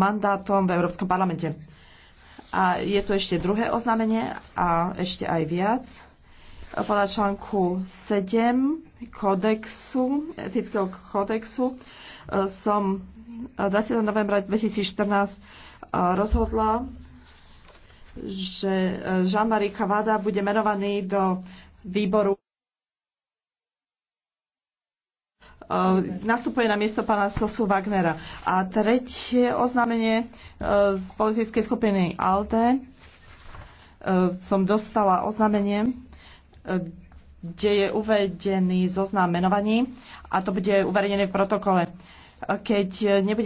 mandátom v Európskom parlamente. A je tu ešte druhé oznámenie a ešte aj viac. Podľa článku 7 kodexu, etického kodexu som 20. novembra 2014 eh, rozhodla, že eh, Jean-Marie Cavada bude menovaný do výboru Eh, nastupuje na miesto pána Sosu Wagnera. A tretie oznámenie eh, z politickej skupiny ALDE eh, som dostala oznámenie, kde je uvedený zoznam menovaní a to bude uverejnené v protokole. Keď nebude